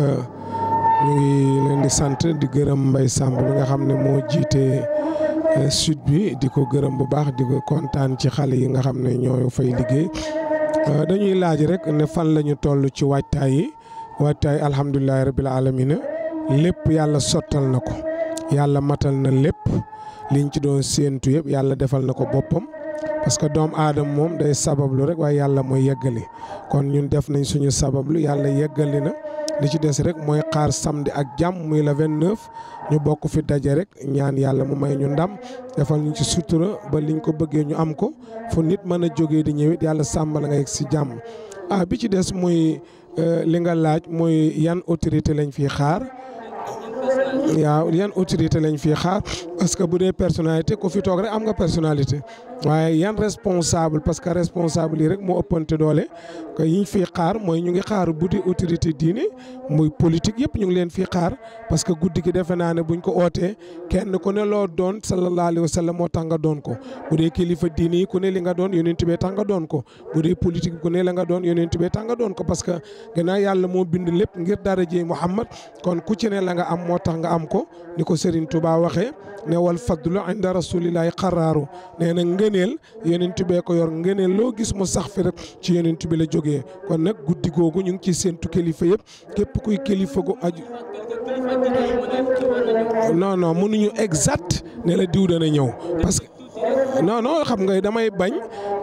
ñu ngi leen di sant di gërëm mbay Samb bi nga xam ne moo jiite euh, sud bi di ko gërëm bu baax di kontaan ci xale yi nga xam ne ñoo fay liggéey euh, dañuy laaj rek ne fan la ñu toll ci waajtaay yi waajtaay alhamdulilahi rabbil alamina lépp yàlla sottal na ko yàlla matal na lépp liñ ci doon séentu yëpp yàlla defal na ko boppam parce que doomu aadama moom day sabablu rek waaye yàlla mooy yeggali kon ñun def nañ suñu sabablu yàlla yeggali na di ci des rek mooy xaar samdi ak jàmm muy la 29 ñu bokk fi daje rek ñaan yàlla mu may ñu ndam defal ñu ci sutura ba liñ ko bëggee ñu am ko fu nit mën a jógee di ñëwit yàlla sàmmal nga yegg si jàmm. ah bi ci des muy euh, li nga laaj muy yan autorité lañ fi xaar waaw yan autorité lañ fi xaar. parce que bu dee personnalité ku fi toog rek am nga personalité waaye yan responsable parce que responsable yi rek moo ëppante doole que yiñ fiy xaar mooy ñu ngi xaar bu di autorité diine muy politique yëpp ñu ngi leen fiy xaar parce que guddi ki defe naa ne buñ ko ootee kenn ku ne loo doon sallallahu alayhi wa sallam moo tax nga doon ko bu dee kilifa diine yi ku ne li nga doon yonent bee tax nga doon ko bu dee politique ne la nga doon yonent bee tax nga doon ko parce que gannaaw yàlla moo bind lépp ngir dara jëy Muhammad kon ku ci ne la nga am moo tax nga am ko ni ko Serigne Touba waxee ne wal fadlu inda rasulillahi xaraaru nee na ngëneel yonent bee ko yor ngëneel loo gis mu sax fi rek ci yonent bi la jóge kon nag guddi googu ñu ngi ciy séentu kilifa yëpp képp kuy kilifa ku aju non non mënuñu exact ne la diw dana ñëw non non xam nga damay bañ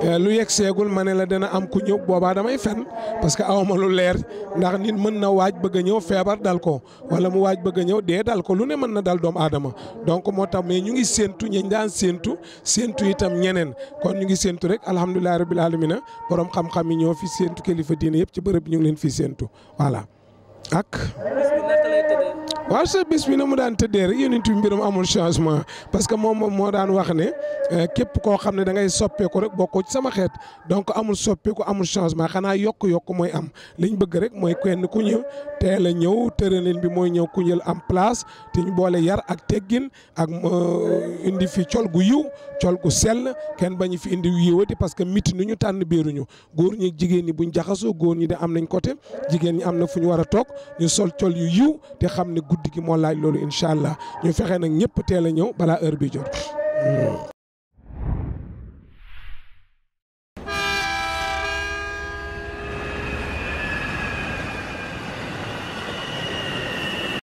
euh, lu yegg seegul ma ne la dana am ku ñëw boobaa damay fen parce que awma lu leer ndax nit mën na waaj bëgg a ñëw feebar dal ko wala mu waaj bëgg a ñëw dee dal ko lu ne mën na dal doomu aadama donc moo tax mais ñu ngi séentu ñañ daan séentu séentu itam ñeneen kon ñu ngi séentu rek alhamdulilah rabbil alamina borom xam-xam ñëw ñoo fi séentu kilifa diine yëpp ci bërëb ñu ngi leen fi séentu voilà ak. waa sa bis bi na mu daan tëddee rek yonent bi mbiram amul changement parce que moom moom moo daan wax ne euh, képp koo xam ne da ngay soppeeku rek bokkoo ci sama xeet donc amul soppeeku amul changement xanaa yokk-yokk mooy am liñ bëgg rek mooy kenn ku ñu teel a ñëw tëralin bi mooy ñëw ku ñël am place te ñu boole yar ak teggin ak euh, indi fi col gu yiw col gu sel kenn ba ñu fi indi yiwati parce que miti nu ñu tànn biiruñu góor ñi jigéen ñi buñ jaxasoo góor ñi de am nañ côté jigéen ñi am na fu ñu war a toog ñu sol col yu yiw guddi moo laaj loolu incha allah ñu fexe nag ñëpp teel a ñëw balaa heure bi jot.